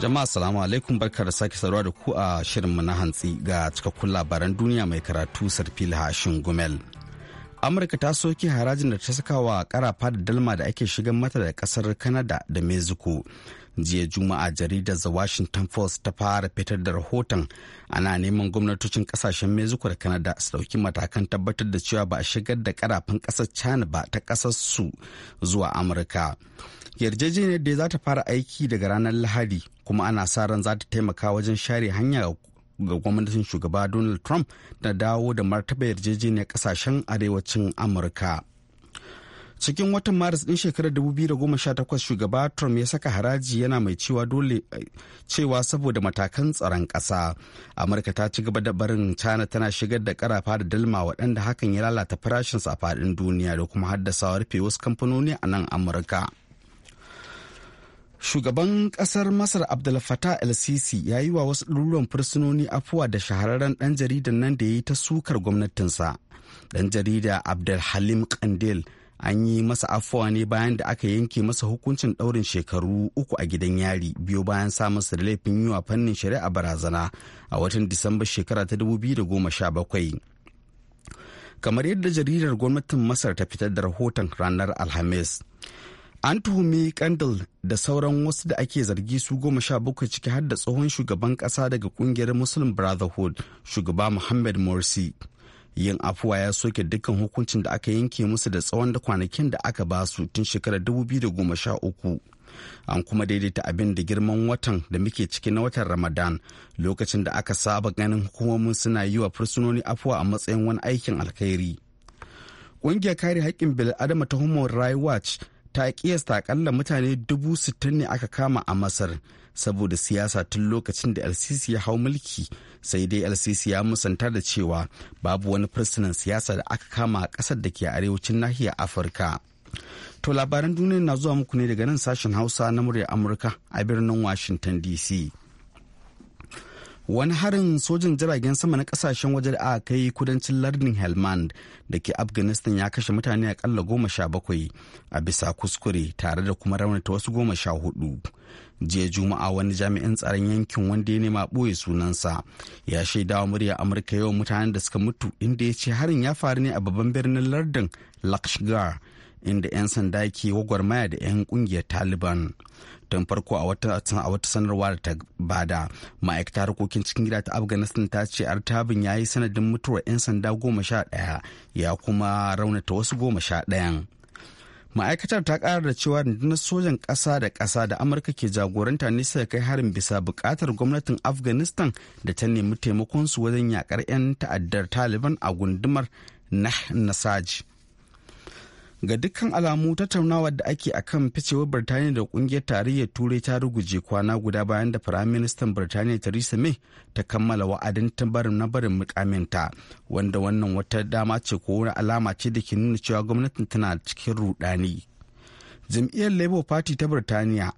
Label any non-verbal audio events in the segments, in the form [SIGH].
Jama'a salamu alaikum barka da sake saruwa da ku a shirinmu na hantsi ga cikakkun labaran duniya mai karatu sarfil hashin gumel. Amurka ta soke harajin da ta saka wa karafa da dalma da ake shigan mata da kasar Canada da Mexico. Jiya Juma'a jaridar The Washington Post ta fara fitar da rahoton ana neman gwamnatocin kasashen Mexico da Canada su dauki matakan tabbatar da cewa ba a shigar da karafin kasar China ba ta kasar su zuwa Amurka. yarjejeniyar da za ta fara aiki daga ranar lahadi kuma ana sa ran za ta taimaka wajen share hanya ga gwamnatin shugaba donald trump da dawo da martaba yarjejeniyar kasashen arewacin amurka cikin watan maris din shekarar 2018 shugaba trump ya saka haraji yana mai cewa dole cewa saboda matakan tsaron ƙasa amurka ta ci gaba da barin china tana shigar da karafa da dalma waɗanda hakan ya lalata farashin a faɗin duniya da kuma haddasa rufe wasu kamfanoni a nan amurka Shugaban ƙasar Masar Abdul Fattah el-Sisi ya yi wa wasu ɗaruruwan fursunoni afuwa da shahararren ɗan jaridan nan da ya yi ta sukar gwamnatinsa. Ɗan jarida abdul Halim Kandil an yi masa afuwa ne bayan da aka yanke masa hukuncin ɗaurin shekaru uku a gidan yari biyu bayan sa da laifin yi wa fannin shari'a barazana a watan disamba shekara ta 2017 kamar yadda jaridar gwamnatin masar ta fitar da rahoton ranar alhamis an tuhumi kandil da sauran wasu da ake zargi su goma sha bakwai ciki har da tsohon shugaban kasa daga kungiyar muslim brotherhood shugaba muhammad morsi yin afuwa ya soke dukkan hukuncin da aka yanke musu da tsawon da kwanakin da aka ba su tun shekarar uku. an kuma daidaita abin da girman watan da muke ciki na watan ramadan lokacin da aka saba ganin hukumomin suna yi wa fursunoni afuwa a matsayin wani aikin alkhairi ƙungiyar kare haƙƙin bil'adama ta human rights watch ta kiyasta akalla mutane dubu sittin ne aka kama a masar saboda siyasa tun lokacin da lcc ya hau mulki sai dai lcc ya musanta da cewa babu wani fursunan siyasa da aka kama a ƙasar da ke arewacin nahiyar afirka to labaran duniya na zuwa muku ne daga nan sashen hausa na murya amurka a birnin washington dc wani harin sojin jiragen sama na kasashen waje da aka kai kudancin lardin helmand da ke afghanistan ya kashe mutane akalla goma sha bakwai a bisa kuskure tare da kuma raunata wasu goma sha hudu jiya juma'a wani jami'in tsaron yankin wanda ya nema ɓoye sunansa ya shaida wa murya amurka yawan mutanen da suka mutu inda ya ce harin ya faru ne a babban birnin lardin lakshgar inda 'yan sanda ke gwagwarmaya da 'yan kungiyar taliban rahoton farko a wata a sanarwa da ta bada maaikata harkokin cikin gida ta afghanistan ta ce artabin ya yi sanadin mutuwar 'yan sanda goma sha ɗaya ya kuma raunata wasu goma sha ɗayan ma'aikatar ta kara da cewa rundunar sojan ƙasa da ƙasa da amurka ke jagoranta ne suka kai harin bisa bukatar gwamnatin afghanistan da ta nemi taimakon su wajen yakar 'yan ta'addar taliban a gundumar nah nasaj ga dukkan alamu tattaunawar da ake a kan ficewar birtaniya da kungiyar tarayyar turai ta ruguje kwana guda bayan da firaministan birtaniya theresa may ta kammala wa'adin barin na barin mukaminta wanda wannan wata dama ce ko wani alama ce da ke nuna cewa gwamnatin tana cikin rudani jam'iyyar labour party ta birtaniya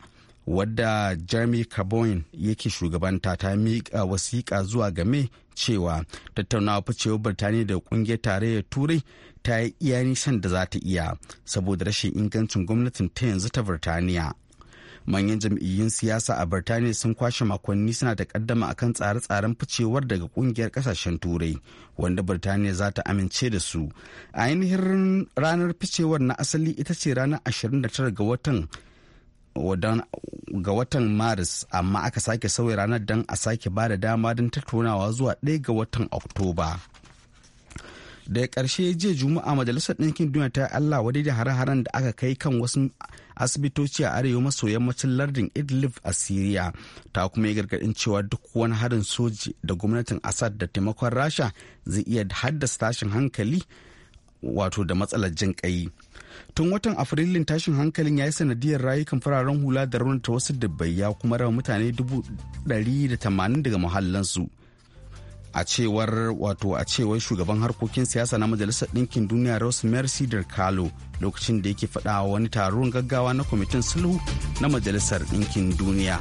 wadda jeremy carbon yake shugabanta ta miƙa wasiƙa zuwa game cewa tattaunawa ficewar birtaniya da kungiyar tarayyar turai ta yi iya nishan da za ta iya saboda rashin ingancin gwamnatin ta yanzu ta Birtaniya. Manyan jam'iyyun siyasa a Birtaniya sun kwashe makonni suna da kaddama akan tsare-tsaren ficewar daga kungiyar kasashen turai wanda Birtaniya za ta amince da su. A ainihin ranar ficewar na asali ita ce ranar 29 ga watan ga watan maris amma aka sake sauya ranar don a sake ba da dama don tattaunawa zuwa 1 ga watan oktoba. daga ƙarshe jiya juma'a majalisar ɗinkin duniya ta allah wadai da hare da aka kai kan wasu asibitoci a arewa maso yammacin lardin idlib a syria ta kuma yi gargaɗin cewa duk wani harin soji da gwamnatin assad da taimakon rasha zai iya haddasa tashin hankali wato da matsalar jin ƙai tun watan afrilun tashin hankalin ya yi sanadiyar rayukan fararen hula da ta wasu dabbai ya kuma raba mutane 180 daga muhallansu. a cewar wato a cewar shugaban harkokin siyasa na majalisar ɗinkin duniya rosemary der kalo lokacin da yake faɗawa wani taron gaggawa na kwamitin sulhu na majalisar ɗinkin duniya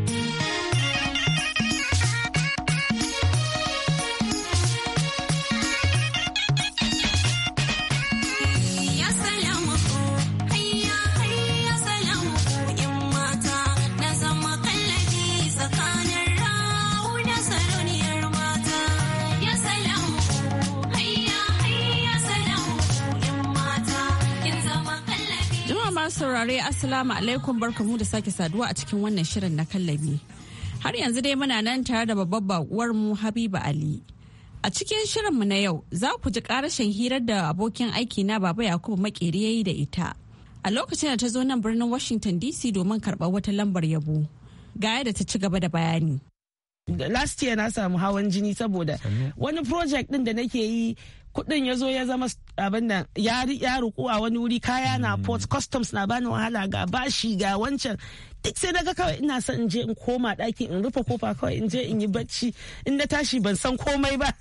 saurare Assalamu alaikum barkamu da sake saduwa a cikin wannan shirin na kallabi. Har yanzu dai muna nan tare da babbar bakuwar mu Habiba Ali. A cikin shirin mu na yau za ku ji karashin hirar da abokin aiki na Baba Yakubu Makeri yayi da ita. A lokacin da ta zo nan birnin Washington DC domin karɓar wata lambar yabo. Ga yadda ta ci gaba da bayani. last year na samu hawan jini saboda wani project din da nake yi kudin ya zo ya zama abin nan ya ruku a wani wuri kaya na hmm. port customs na bani wahala ga bashi ga wancan duk sai daga kawai ina son in je in koma daki in rufe kofa kawai in je in yi bacci in na tashi ban san komai ba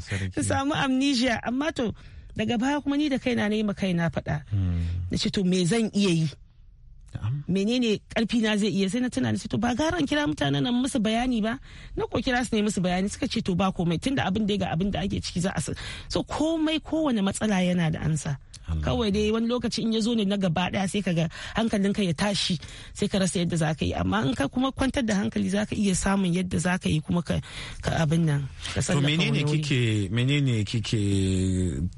[LAUGHS] su samu amnesia amma to daga baya kuma ni da kaina na yi ma kaina faɗa hmm. na ce to me zan iya yi menene karfi na zai iya sai na tunani sai to ba garan kira mutanen nan musu bayani ba na ko kira su ne musu bayani suka ce to ba komai tunda abin da ga abin da ake ciki za a so komai kowane matsala yana da ansa kawai dai wani lokaci in ya zo ne na gaba daya sai ka ga hankalinka ya tashi sai ka rasa yadda zaka yi amma in ka kuma kwantar da hankali zaka iya samun yadda zaka yi kuma ka abin nan to menene kike menene kike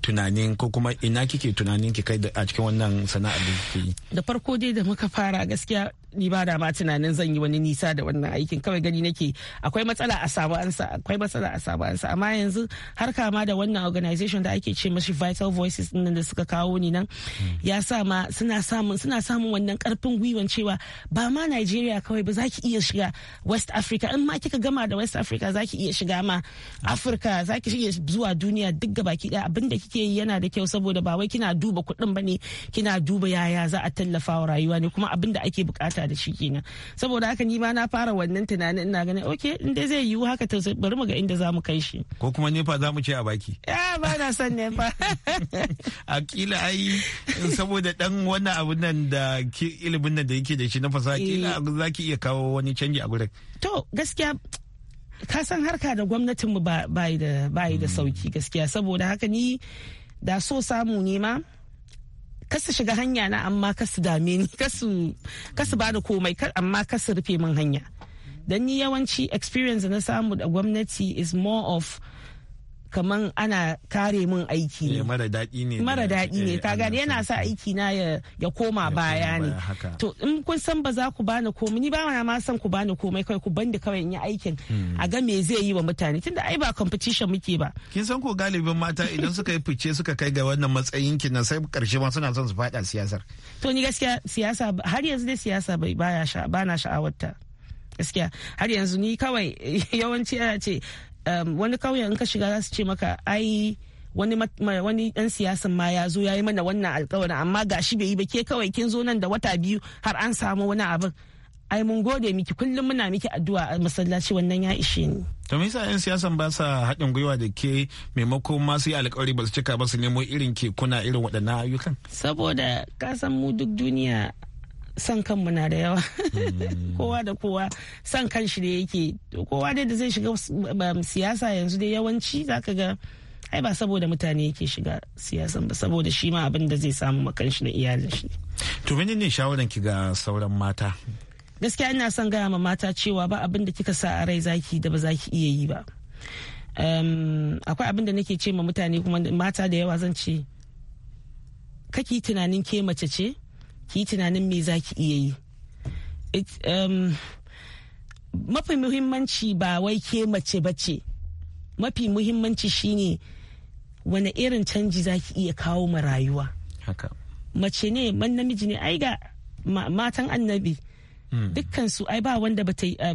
tunanin ko kuma ina kike tunanin ki kai a cikin wannan sana'a da kike yi da farko dai da muka aka fara gaskiya ni ba da ma tunanin zan yi wani nisa da wannan aikin kawai gani nake akwai matsala a samu ansa akwai matsala a samu ansa amma yanzu har kama da wannan organization da ake ce mashi vital voices din da suka kawo ni nan hmm. ya sa ma suna samun suna samun wannan karfin gwiwan cewa ba ma nigeria kawai ba zaki iya shiga West Africa in ma kika gama da West Africa zaki iya shiga ma Africa zaki iya zuwa duniya duk gabaki daya abin da kike yi yana da kyau saboda ba wai kina duba kuɗin bane kina duba yaya za a tallafa rayuwa ne kuma abinda da ake bukata huta da shi kenan saboda haka ni ma na fara wannan tunanin ina ganin ok in dai zai yiwu haka to bari mu ga inda za mu kai shi ko kuma nefa za mu ce a baki eh ba na son nefa a [LAUGHS] kila ai saboda dan wannan abun nan da ilimin nan da yake da shi na fasaha eh. kila za ki iya kawo wani canji a gurin to gaskiya ka san harka da gwamnatinmu yi da hmm. sauki gaskiya saboda haka ni da so samu ne ma kasu shiga hanya na amma kasu dame ni kasu kasu bada komai amma kasu rufe min hanya dan ni yawanci experience na samu da gwamnati is more of kaman ana kare min aiki ne eh, mara daɗi ne mara daɗi ne eh, ka gani yana sa aiki na ya koma baya ne to in kun san ba za ku bani komai ni ba ma san ku bani komai kai ku bandi kawai in yi aikin hmm. a ga me zai yi wa mutane tunda ai ba competition muke ba kin san ko galibin mata idan suka yi fice suka kai ga wannan matsayin kin sai karshe ma suna son su faɗa siyasar to ni gaskiya siyasa har yanzu dai siyasa bai baya sha bana sha'awarta gaskiya har yanzu ni kawai [LAUGHS] yawanci ana ce Um, wani kauyen in ka shiga za su ce maka ai wani wani dan siyasan ma ya zo ya yi mana wannan alkawarin amma ga shi bai yi ba ke kawai kin zo nan da wata biyu har an samu wani abin ai mun gode miki kullum muna miki addu'a a masallaci wannan ya ishe ni to me yasa yan siyasan ba sa haɗin gwiwa da ke maimakon ma su yi alkawari ba su cika ba su nemo irin ke kuna irin waɗannan ayyukan saboda ka san mu duk duniya san kanmu na da yawa hmm. [LAUGHS] kowa da kowa san kan shi da yake kowa dai da zai shiga siyasa yanzu dai yawanci zaka ga ai ba saboda mutane yake shiga siyasan ba saboda shi ma abin da zai samu makan shi na iyalin shi to menene shawaran ki ga sauran mata gaskiya ina son gaya ma mata cewa ba abin da kika sa a rai zaki da ba zaki iya yi ba akwai abin da nake ce ma mutane kuma mata da yawa zan ce kaki tunanin ke mace ce ki yi tunanin me za ki iya yi um, mafi muhimmanci ba wai ke mace bace mafi muhimmanci shine wane irin canji za ki iya kawo ma rayuwa mace ne man namiji ne ai ga matan annabi hmm. dukkan su ai ba wanda ba ta yi uh,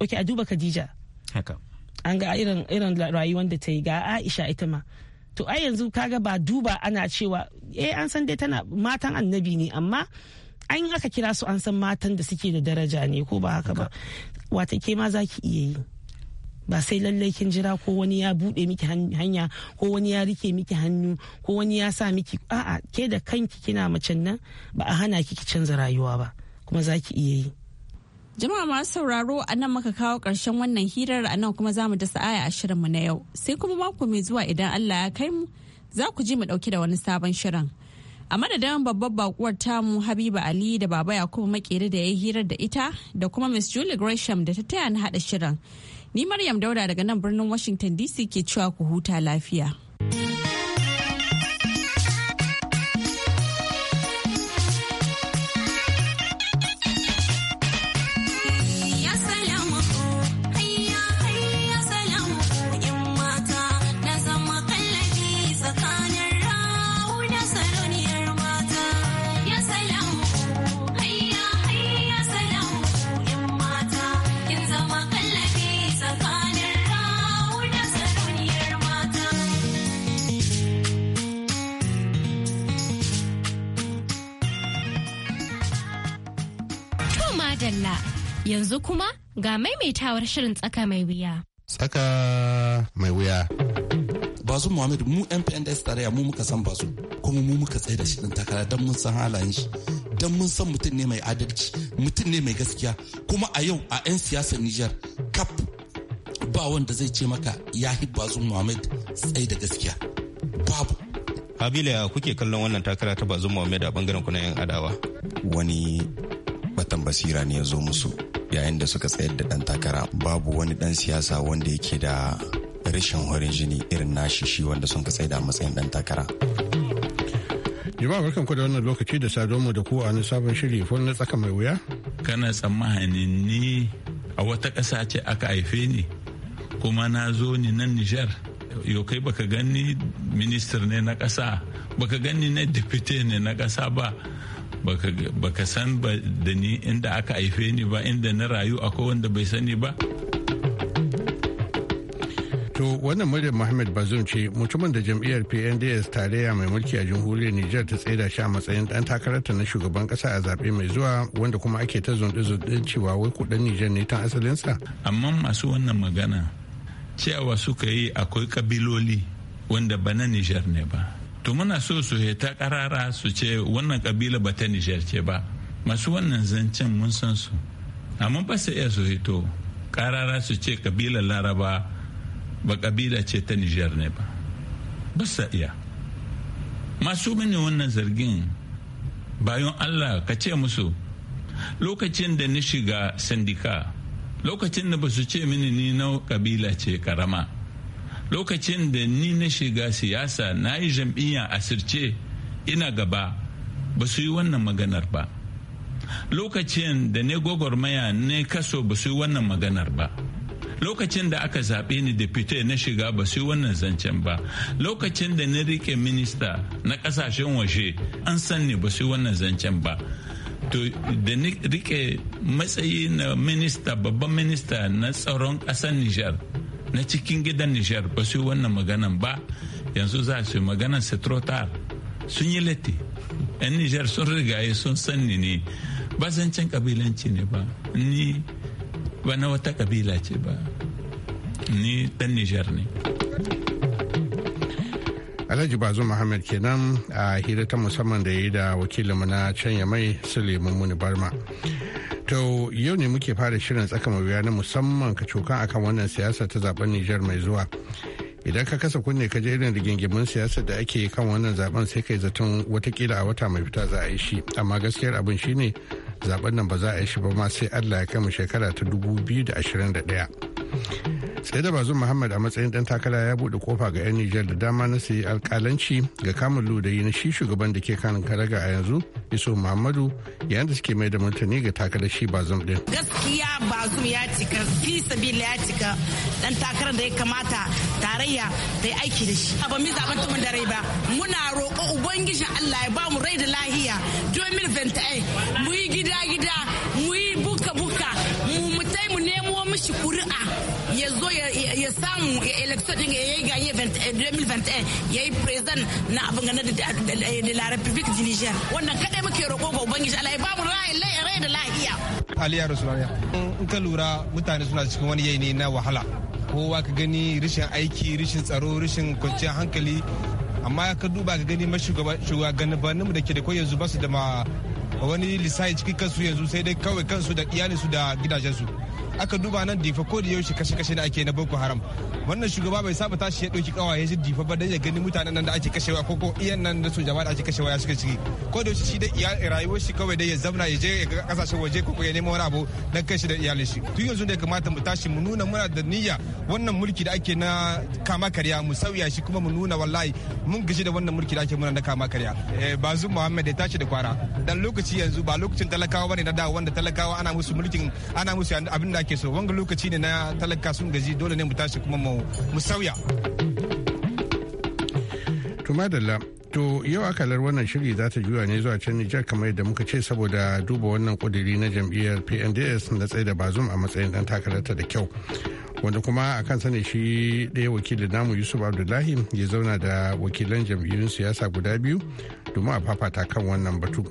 ok a duba khadija an ga irin rayuwar da ta yi ga aisha ita ma to a yanzu kaga ba duba ana cewa eh an san dai tana matan annabi ne amma an aka kira su an san matan da suke da daraja ne ko ba haka ba wata ke ma za ki iya yi ba sai lallai kin jira ko wani ya bude miki hanya ko wani ya rike miki hannu ko wani ya sa miki a'a ke da kanki kina mace nan ba a hana ki ki canza rayuwa ba kuma za ki iya yi Jama'a masu sauraro a nan muka kawo ƙarshen wannan hirar a nan kuma za mu dasa aya a shirinmu na yau. Sai kuma mako mai zuwa idan Allah ya kai mu za ku ji mu ɗauki da wani sabon shirin. A madadin babbar bakuwar tamu Habiba Ali da Baba Yakubu Makeri da ya hirar da ita da kuma Miss Julie Gresham da ta taya na haɗa shirin. Ni Maryam Dauda daga nan birnin Washington DC ke cewa ku huta lafiya. Yanzu kuma ga maimaitawar shirin tsaka mai wuya. Tsaka mai wuya. Bazu Muhammad mu da tarayya mu muka san basu kuma mu muka tsaye da shi din takara don mun san halayen shi. Don mun san mutum ne mai adalci, mutum ne mai gaskiya kuma a yau a 'yan siyasar Nijar kap ba wanda zai ce maka ya hi Bazu Muhammad tsaye da gaskiya. Babu. Habila kuke kallon wannan takara ta Bazu Muhammad a bangaren kuna 'yan adawa. Wani batan basira ne ya zo musu yayin da suka tsayar da dan takara babu wani ɗan siyasa wanda yake da rashin horin jini irin nashi shi wanda sun ka tsaida a matsayin dan takara. Jama'a barkan ku da wannan lokaci da sadonmu da ku a sabon shiri ko na tsaka mai wuya? Kana tsammanin ni a wata ƙasa ce aka haife ni kuma na zo ni nan Nijar. Yau kai baka gani minister ne na ƙasa baka gani na deputy ne na ƙasa ba baka san ba da ni inda aka haife ni ba inda na rayu akwai wanda bai sani ba to wannan muryar muhammad bazoum ce mutumin da jam'iyyar pnds tarayya mai mulki a jamhuriyar niger ta tsaida shi a matsayin dan takararta na shugaban kasa a zaɓe mai zuwa wanda kuma ake ta zunɗe-zunɗe cewa wai kuɗin niger ne tan asalinsa amma masu wannan magana cewa suka yi akwai kabiloli wanda ba na niger ne ba to muna so su ta karara su ce wannan kabila ba ta nijar ce ba masu wannan zancen mun san su amma ba su iya su hito karara su ce kabilar laraba ba kabila ce ta nijar ne ba ba su iya masu mini wannan zargin bayan allah ka ce musu lokacin da ni shiga sandika lokacin da ba su ce mini ni na kabila ce karama lokacin da ni na shiga siyasa na yi jam'iyya asirce ina gaba ba su yi wannan maganar ba lokacin da ne gwagwarmaya ne kaso ba su yi wannan maganar ba lokacin da aka zaɓe ni depute na shiga ba su yi wannan zancen ba lokacin da na rike minista na ƙasashen waje an san ne ba su yi wannan zancen ba to da rike matsayi na minista babban minista na tsaron ƙasar nijar na cikin gidan nijar ba su wannan maganan ba yanzu za su yi maganan setrotar sun yi latti yan nijar sun rigaye sun sanni ne ba zancen kabilanci ne ba ni ba na wata kabila ce ba ni dan nijar ne Alhaji Bazu Muhammad kenan a hira ta musamman da ya yi da wakilinmu na can ya mai Suleiman Muni Barma. to yau ne muke fara shirin tsaka mawuya na musamman ka cokan akan wannan siyasa ta zaben nijar mai zuwa idan ka kasa kunne ka je irin rigingimin siyasa da ake kan wannan zaben sai kai zaton watakila a wata mai fita za a yi shi amma gaskiyar abin shine zaben nan ba za a yi shi ba ma sai allah ya kai mu shekara ta da 2021 sai da bazum muhammad a matsayin dan takara ya bude kofa ga 'yan nijar da dama na sayi alkalanci ga kamun ludayi na shi shugaban da ke kanin karaga a yanzu iso muhammadu yayin da suke mai da martani ga takarar shi bazum din gaskiya bazum ya cika fi sabila ya cika dan takarar da ya kamata tarayya ta yi aiki da shi ba mi zaben tumin da rai ba muna roƙo ubangijin allah ya ba mu rai da lahiya 2028 mu yi gida gida mu yi shi kuri'a ya zo ya samu ya election din ya yi ganye eh, 2021 eh, ya yi president na abin gane da la republic di niger wannan kadai muke roƙo ga ubangiji Allah ya babu ra'ayi rai da lahiya aliya rasulaniya in ka lura mutane suna cikin wani yayi na wahala kowa ka gani rishin aiki rishin tsaro rishin kwanciyar hankali amma ka duba ka gani mashugabanninmu da ke da yanzu ba su da wani lissafi cikin kansu yanzu sai dai kawai kansu da iyalinsu da gidajensu aka duba nan difa ko da yaushe kashe-kashe na ake na boko haram wannan shugaba bai saba tashi ya ɗauki kawaye shi difa ba dan ya gani mutanen nan da ake kashewa ko ko iyan nan da su jama'a da ake kashewa ya shiga ciki ko da yaushe shi da rayuwar shi kawai dai ya zamna ya je ga kasashen waje ko ya nemo wani abu na kai shi da iyalin shi tun yanzu da ya kamata mu tashi mu nuna muna da niyya wannan mulki da ake na kama karya mu sauya shi kuma mu nuna wallahi mun gaji da wannan mulki da ake muna na kama karya eh, bazu muhammad ya tashi da kwara dan lokaci lokaci yanzu ba lokacin talakawa bane na da wanda talakawa ana musu mulkin ana musu abin da ake so wanga lokaci ne na talaka sun gaji dole ne mu tashi kuma mu sauya to madalla to yau akalar wannan shiri za ta juya ne zuwa can Nijar kamar yadda muka ce saboda duba wannan kuduri na jam'iyyar PNDS na tsaye da bazum a matsayin dan takararta da kyau wanda kuma a kan sani shi ɗaya wakili namu yusuf abdullahi ya zauna da wakilan jam'iyyun siyasa guda biyu domin a fafata kan wannan batu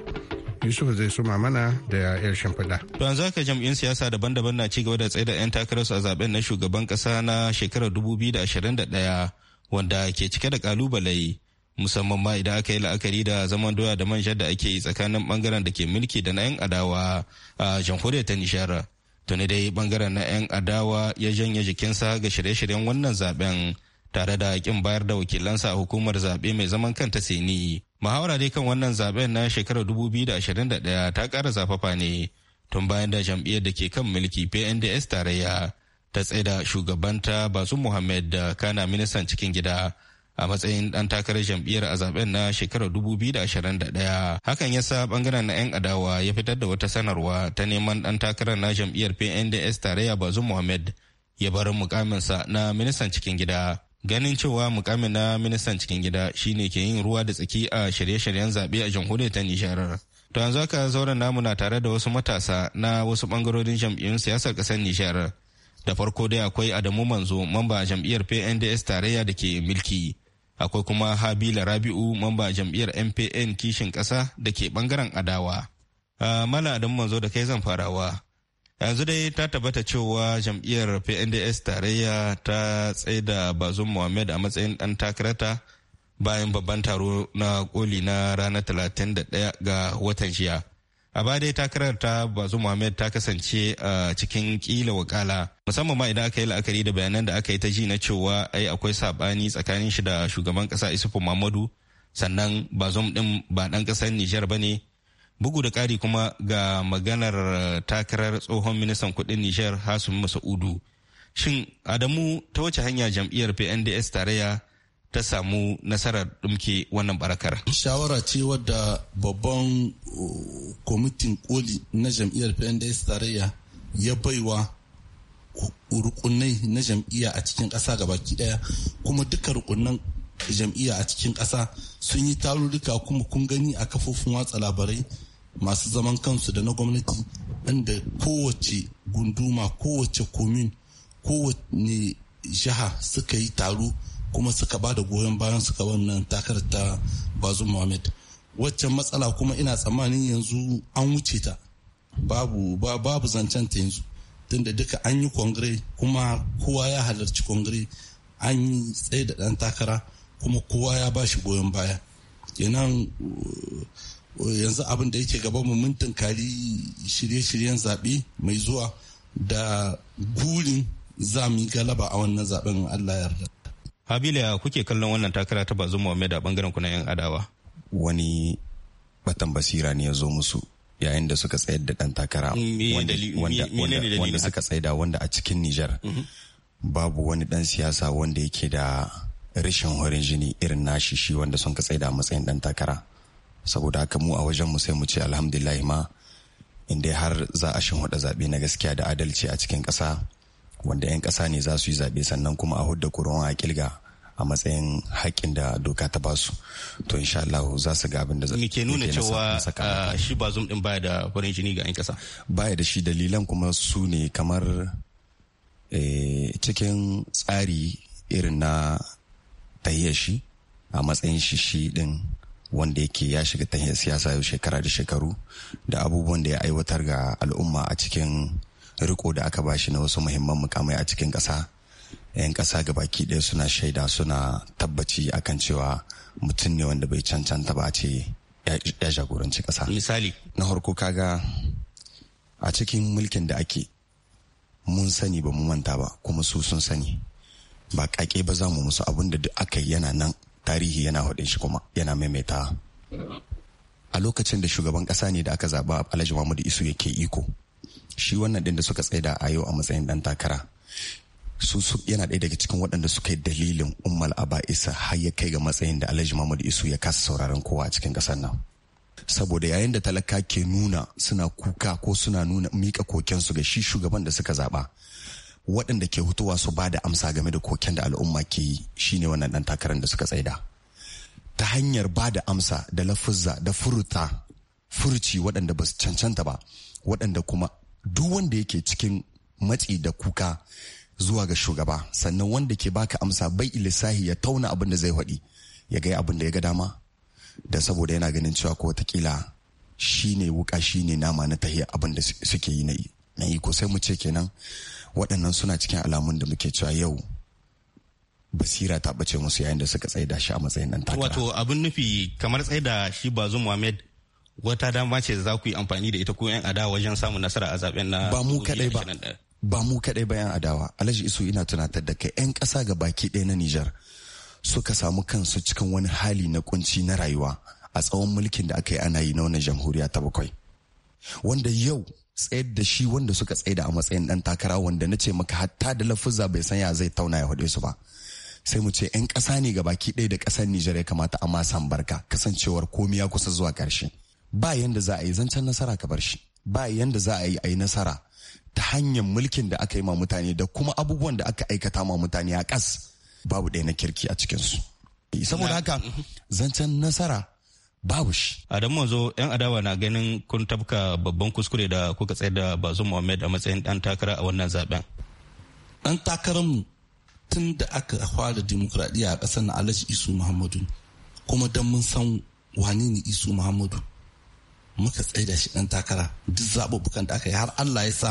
yusuf zai suma mana da yar shimfiɗa. an zaka jam'in siyasa daban-daban na ci gaba da tsaye da 'yan takararsu a zaben na shugaban ƙasa na shekarar 2021 wanda ke cike da ƙalubale musamman ma idan aka yi la'akari da zaman doya da manja da ake yi tsakanin bangaren da ke mulki da na 'yan adawa a jamhuriyar ta nishar tuni dai bangaren na 'yan adawa ya janye jikinsa ga shirye-shiryen wannan zaben tare da kin bayar da wakilansa a hukumar zabe mai zaman kanta seni muhawara dai kan wannan zaben na shekarar 2021 ta kara zafafa ne tun bayan da jam'iyyar da ke kan mulki pnds tarayya ta tsaida shugabanta basu muhammad da kana ministan cikin gida a matsayin dan takarar jam'iyyar a zaben na shekarar 2021 hakan ya sa bangaren na 'yan adawa ya fitar da wata sanarwa ta neman dan takarar na jam'iyyar pnds tarayya basu muhammad ya bar mukaminsa na ministan cikin gida ganin cewa mukamin na ministan cikin gida shine ke yin ruwa da tsaki a shirye-shiryen zaɓe a jamhuriyar ta nishar to yanzu haka zauren namu na tare da wasu matasa na wasu bangarorin jam'iyyun siyasar ƙasar nishar da farko dai akwai adamu manzo mamba jam'iyyar pnds tarayya da ke milki akwai kuma habila rabi'u mamba jam'iyyar mpn kishin ƙasa da ke bangaren adawa ah, mala adamu manzo da kai zan farawa yanzu dai ta tabbata cewa jam'iyyar pnds tarayya ta tsaida bazum muhammad a matsayin dan takarata bayan babban taro na koli na ranar 31 ga watan jiya a baya dai takarar ta bazu muhammad ta kasance a cikin kila wakala musamman ma idan aka yi la'akari da bayanan da aka yi ta ji na cewa ai akwai sabani tsakanin shi da shugaban kasa isufu muhammadu sannan bazum din ba dan kasar nijar ba ne bugu da ƙari kuma ga maganar eh, takarar tsohon ministan kudin nishar hasumi masa'udu shin adamu ta wace hanya jam'iyyar pnds tarayya ta samu nasarar ɗumke wannan barakar. Shawara ce wadda babban eh, kwamitin koli na jam'iyyar PNDS tarayya ya baiwa rukunai na jam'iyya a cikin ƙasa gabaki ɗaya kuma duka rukunan jam'iyya a cikin ƙasa sun yi tarurruka kuma kun gani a kafofin watsa labarai masu zaman kansu da na gwamnati inda kowace gunduma kowace komin kowace jiha suka yi taro kuma suka ba da goyon bayan suka wannan takarar ta bazu muhammad waccan matsala kuma ina tsammanin yanzu an wuce ta babu babu zancen ta yanzu tunda duka an yi kongire kuma kowa ya halarci kongire an yi tsaye da ɗan takara kuma kowa ya ba shi goyon baya kenan yanzu abin da yake gaban mu mun tunkari shirye-shiryen zaɓe mai zuwa da gurin za mu galaba a wannan zaɓen Allah yarda. Habila kuke kallon wannan takara ta bazu Muhammad a bangaren ku na 'yan adawa. Wani batan basira ne ya zo musu yayin da suka tsayar da ɗan takara mm, wanda suka tsaida wanda a cikin Nijar. Mm-hmm. Babu wani dan siyasa wanda yake da rashin horin jini irin nashi shi wanda sun ka tsaida matsayin ɗan takara. saboda haka mu a wajen mu sai mu ce alhamdulillah ma in dai har za a shinwaɗa zaɓe na gaskiya da adalci a cikin ƙasa wanda 'yan ƙasa ne za su yi zaɓe sannan kuma a hudda kuruwan a kilga a matsayin haƙƙin da doka ta ba su to insha Allah za su ga abin da ke nuna cewa ah, shi ba zum din baya da farin jini ga 'yan ƙasa baya da shi dalilan kuma su ne kamar eh, cikin tsari irin na tayyashi shi a matsayin shi shi din wanda yake ya shiga ta siyasa yau shekara da shekaru da abubuwan da ya aiwatar ga al'umma a cikin riko da aka bashi na wasu muhimman mukamai a cikin ƙasa 'yan ƙasa baki ɗaya suna shaida suna tabbaci akan cewa mutum ne wanda bai cancanta ba a ce ya jagoranci ƙasa misali na harko kaga a cikin mulkin da ake mun sani ba mu manta ba kuma su sun sani ba ƙaƙe ba za mu musu abun da duk aka yi yana nan tarihi yana haɗin shi kuma yana maimaita a lokacin da shugaban ƙasa ne da aka zaɓa alhaji mahmud isu yake iko shi wannan din da suka tsaida a yau a matsayin ɗan takara su yana ɗaya daga cikin waɗanda suka yi dalilin ummal aba isa har ya kai ga matsayin da alhaji mahmud isu ya kasa sauraron kowa a cikin ƙasar nan saboda yayin da talaka ke nuna suna kuka ko suna nuna mika kokensu ga shi shugaban da suka zaɓa waɗanda ke hutuwa su ba da amsa game da koken da al'umma ke yi shine wannan ɗan takarar da suka tsaida ta hanyar ba da amsa da lafuzza da furuta furuci waɗanda ba su cancanta ba waɗanda kuma duk wanda yake cikin matsi da kuka zuwa ga shugaba sannan wanda ke baka amsa bai lissafi ya tauna abin da zai faɗi ya ga abin da ya ga dama da saboda yana ganin cewa ko watakila shi ne wuka shi ne nama na tahiya abin da suke yi na yi ko sai mu ce kenan waɗannan suna cikin alamun da muke cewa yau basira ta ɓace musu yayin da suka tsaida shi a matsayin ɗan takara. Wato abin nufi kamar tsaida shi bazum Muhammad wata dama ce za ku yi amfani da ita ko 'yan adawa wajen samun nasara a zaben na ba mu kaɗai ba ba mu kaɗai ba 'yan adawa alhaji isu ina tunatar da kai 'yan ƙasa ga baki ɗaya na Nijar suka samu kansu cikin wani hali na kunci na rayuwa a tsawon mulkin da aka yi ana yi na wannan jamhuriya ta bakwai wanda yau tsayar da shi wanda suka tsaida a matsayin dan takara wanda na ce maka hatta da lafuza bai san ya zai tauna ya haɗe su ba sai mu ce 'yan ƙasa ne ga baki ɗaya da ƙasar Nijar ya kamata amma san barka kasancewar komi ya kusa zuwa ƙarshe ba yanda za a yi zancen nasara ka bar shi ba yanda za a yi a yi nasara ta hanyar mulkin da aka yi ma mutane da kuma abubuwan da aka aikata ma mutane a ƙas babu ɗaya na kirki a cikinsu saboda haka zancen nasara babu shi adam manzo yan adawa na ganin kun tabka babban kuskure da kuka tsayar da bazum muhammad a matsayin dan takara a wannan zaben dan takararmu tun da aka fara dimokuraɗiyya a ƙasar na alhaji isu muhammadu kuma don mun san wani ne isu muhammadu muka da shi ɗan takara duk zaɓuɓɓukan da aka yi har allah ya sa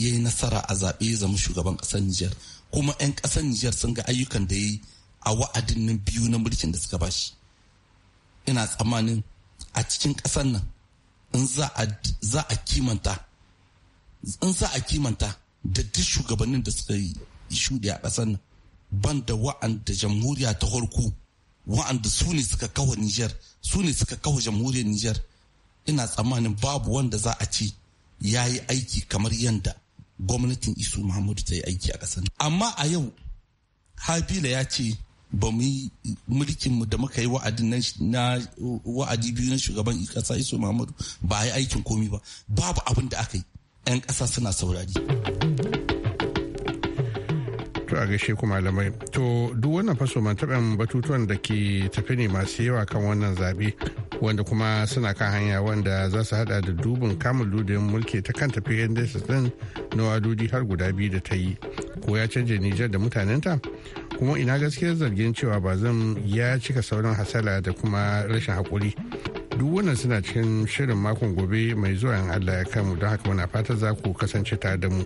ya yi nasara a zaɓe ya zama shugaban ƙasar nijar kuma 'yan ƙasar nijar sun ga ayyukan da ya yi a wa'adin nan biyu na mulkin da suka bashi ina tsammanin a cikin ƙasar nan in za a kimanta in za a kimanta da duk shugabannin da suka yi shuɗi a ƙasar nan ban da wa'anda jamhuriya ta farko wa'anda su ne suka kawo Nijar su ne suka kawo jamhuriyar Nijar ina tsammanin babu wanda za a ce ya yi aiki kamar yadda gwamnatin isu muhammadu ta yi aiki a ƙasar amma a yau habila ya ce ba mu yi mulkin da muka yi wa'adin wa'adi biyu na shugaban ƙasa iso Muhammadu ba yi aikin komi ba babu abin da aka yi 'yan ƙasa suna saurari. To a gaishe kuma malamai. To duk wannan faso man taɓa batutuwan da ke tafi ne masu yawa kan wannan zaɓe wanda kuma suna kan hanya wanda za su hada da dubin kamun ludin mulki ta kan tafi yan din na wadudi har guda biyu da ta yi. Ko ya canje Nijar da mutanenta? kuma ina gaskiyar zargin cewa bazan ya cika sauran hasala da kuma rashin haƙuri duk wannan suna cikin shirin makon gobe mai zuwa 'yan allah ya kamu don haka muna fata za ku kasance tare da mu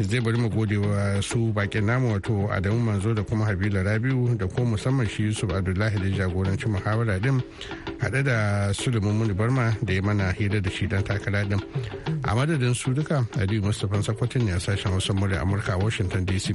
zai bari mu gode wa su bakin namu wato adamu manzo da kuma habila rabiu da kuma musamman shi yusuf abdullahi da jagorancin muhawara din haɗe da suleiman muni barma da ya mana hira da shi don takara din a madadin su duka aliyu mustapha sakwatin ne a sashen wasan murya amurka a washington dc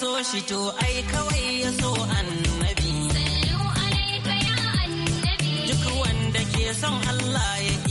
so shi to ai kawai ya so annabi. Duk wanda ke son Allah ya